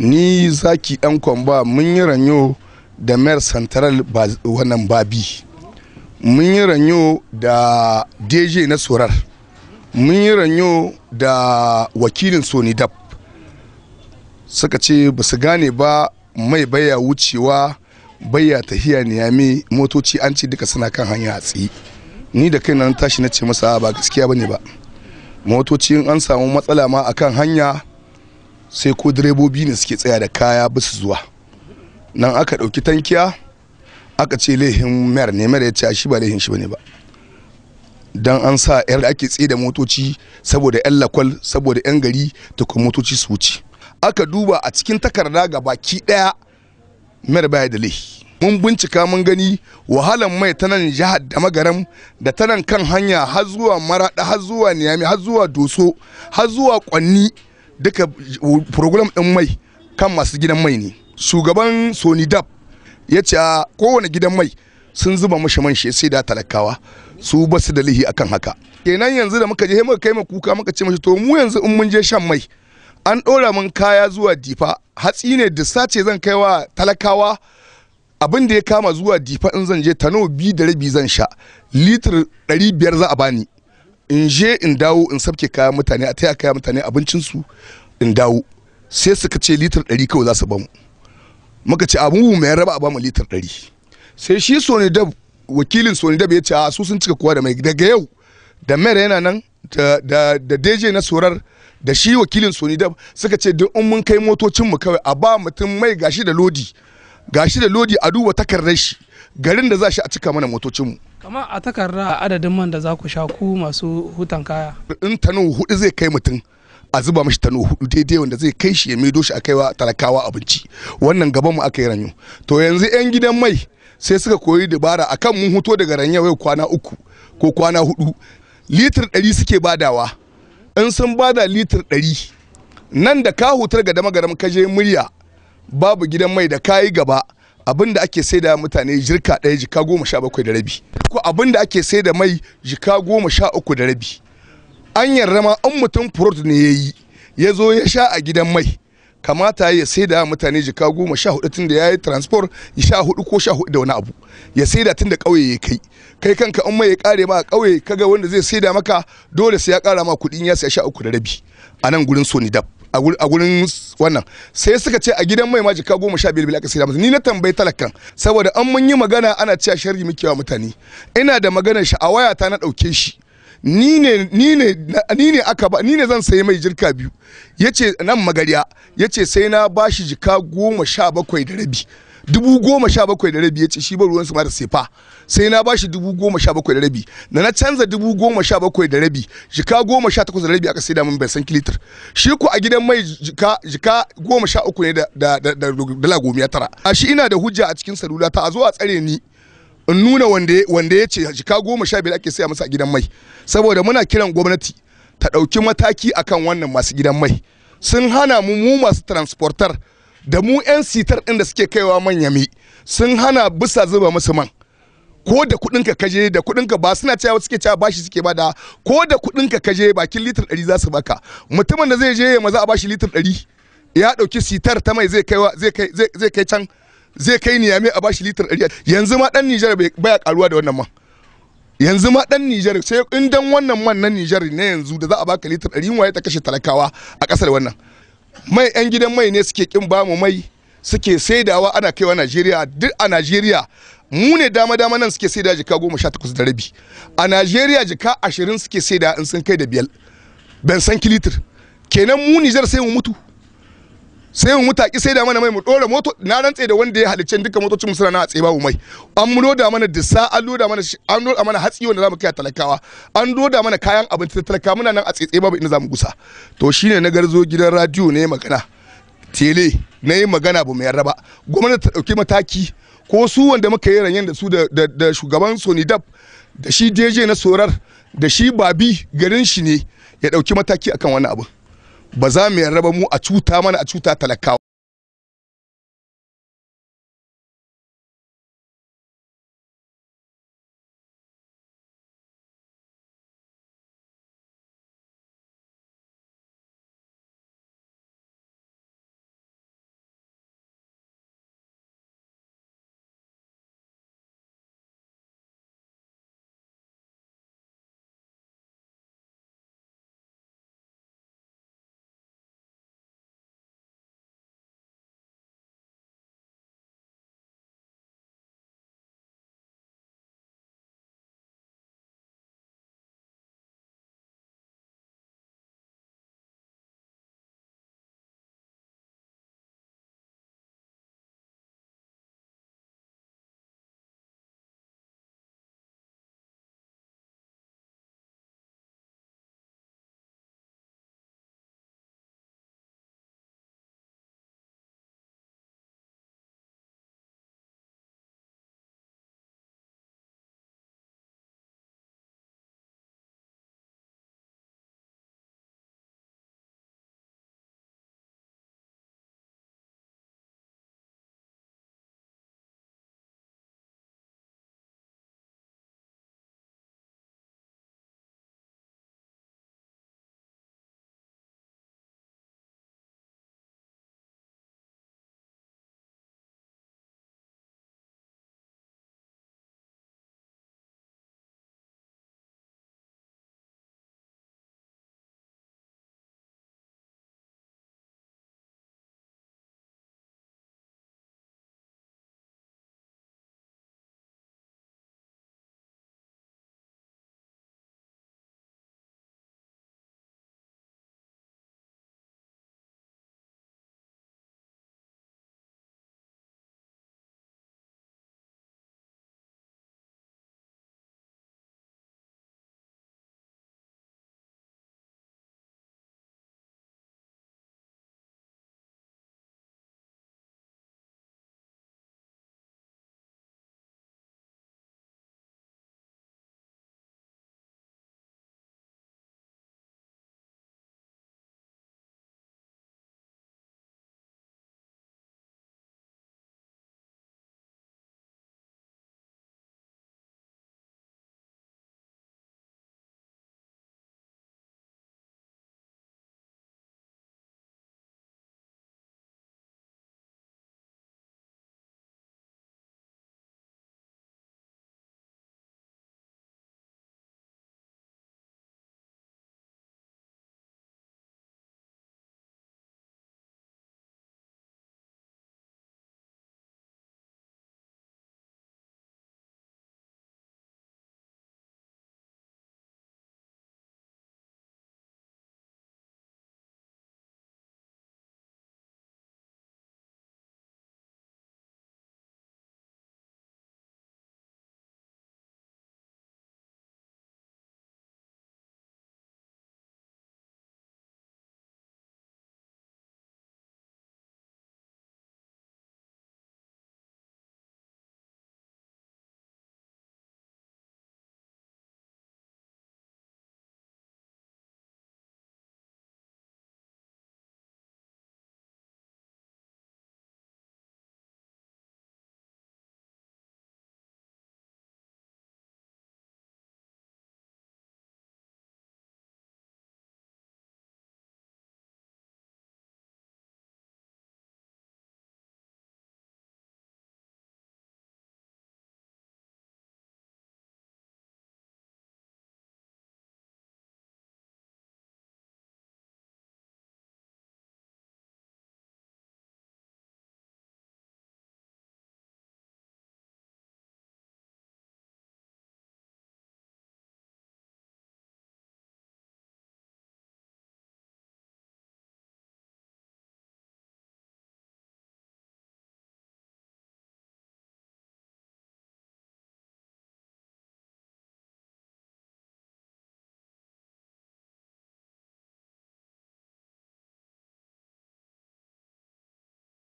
ni zaki yan kwamba mun yi ranyo da mayor central wannan babi mun yi ranyo da dj na sorar mun yi ranyo da wakilin sony dab suka ce ba su gane ba mai baya wucewa baya tahiya niyami motoci an ce duka suna kan hanya a tsaye ni da kai nan tashi na ce masa ba gaskiya ba ne ba motoci an samu matsala ma a kan hanya sai ko direbobi ne suke tsaya da kaya basu zuwa nan aka ɗauki tankiya aka ce laihin mayar ne mayar ya ce shi ba laihin shi ne ba don an sa yar ake tsaye da motoci saboda yan lakwal saboda yan gari ta kuma motoci su wuce aka duba a cikin takarda ga baki ɗaya mayar baya da laihi mun bincika mun gani wahalan mai ta nan jihar da magaram da ta nan kan hanya har zuwa maraɗa har zuwa niyami har zuwa doso har zuwa kwanni duka program din mai kan masu gidan mai ne shugaban sony dab ya ce a kowane gidan mai sun zuba mashi man sai da talakawa su ba su da lihi akan haka kenan yanzu da muka je muka kai kuka muka ce mashi to mu yanzu in mun je shan mai an ɗora mun kaya zuwa difa hatsi ne da sace zan kai wa talakawa abin da ya kama zuwa difa in zan je tano bi da rabi zan sha litir 500 za a bani in je in dawo in sabke kayan mutane a taya kayan mutane abincinsu in dawo sai suka ce litar ɗari kawai za su bamu muka ce abin mai raba a bamu litar ɗari sai shi sony dab wakilin sony dab ya ce a su sun cika kowa da mai daga yau da mayar yana nan da deje na sorar da shi wakilin sony dab suka ce duk in mun kai motocin mu kawai a ba mutum mai gashi da lodi gashi da lodi a duba takardar shi garin da za shi a cika mana motocin mu. kamar a takarda a adadin man da za ku sha ku masu hutan kaya in tanu hudu zai kai mutum a zuba mashi tanu hudu daidai wanda zai kai shi ya maido shi a kaiwa talakawa abinci wannan gaban mu aka yi ranyo to yanzu yan gidan mai sai suka koyi dabara akan mun hutu daga ranyo yau kwana uku ko kwana hudu litir ɗari suke badawa in sun bada litir ɗari nan da ka hutar ga dama garam ka je murya babu gidan mai da kayi gaba abin da ake sai da mutane jirka ɗaya jika goma sha bakwai da rabi ko abin da ake sai da mai jika goma sha uku da rabi an yarda in an mutum furut ne ya yi ya zo ya sha a gidan mai kamata ya sai da mutane jika goma sha hudu tun da ya yi transport ya sha hudu ko sha hudu da wani abu ya sai da tun da ƙauye ya kai kai kanka in mai ya kare ma a ƙauye kaga wanda zai sai da maka dole sai ya kara ma kuɗin ya sai sha uku da rabi a nan gurin sonidab a gurin wannan sai suka ce a gidan mai ma goma sha biyar aka sai masa ni na tambayi talakan saboda an mun yi magana ana cewa sharri muke wa mutane ina da maganar shi a waya ta na dauke shi ni ne ni ne aka ba ni ne zan sayi mai jirka biyu yace nan magariya yace sai na bashi jika goma sha bakwai da rabi dubu goma sha bakwai da rabi ya ce shi ba ruwan sama da sefa sai na bashi dubu goma sha bakwai da rabi na na canza dubu goma sha bakwai da rabi jika goma sha takwas da rabi aka sai min bai san kilitar shi ku a gidan mai jika jika goma sha uku ne da dala goma ya tara a shi ina da hujja a cikin salula ta a zo a tsare ni in nuna wanda ya ce jika goma sha biyar ake saya masa a gidan mai saboda muna kiran gwamnati ta ɗauki mataki akan wannan masu gidan mai sun hana mu mu masu transportar da mu 'yan sitar ɗin da suke kaiwa manyami sun hana bisa zuba musu man ko da kuɗin ka kaje da kuɗin ka ba suna cewa suke cewa bashi suke bada ko da kuɗin ka kaje bakin litir ɗari za su baka mutumin da zai je ya maza a bashi litir ɗari ya ɗauki sitar ta mai zai kai zai kai can zai kai niyame a bashi litir ɗari yanzu ma dan nijar baya karuwa da wannan man yanzu ma dan Nijar sai in dan wannan man na Nijar ne yanzu da za a baka litir 100 waye ta kashe talakawa a kasar wannan mai yan gidan mai ne suke kin bamu mai suke saidawa ana kaiwa najeriya duk a najeriya mu ne dama dama nan suke saida jika goma sha takwas da rabi a najeriya jika ashirin suke saida in sun kai da biyar ban san kilitir kenan mu nijar sai mu mutu sai mu mutaki sai da mana mai mu dora moto na rantse da wanda ya halicce duka motocin mu suna na tsaye babu mai an mu loda mana dissa an loda mana an loda mana hatsi wanda zamu kai talakawa an loda mana kayan abinci ta talakawa muna nan a tsaye babu inda zamu gusa to shine na garzo gidan radio ne magana tele na yi magana ba mu yarda ba gwamnati ta dauki mataki ko su wanda muka yi ranyen da su da shugaban Sony Dab da shi DJ na Sorar da shi Babi garin shi ne ya dauki mataki akan wani abu ba za mu yarda mu a cuta mana a cuta talakawa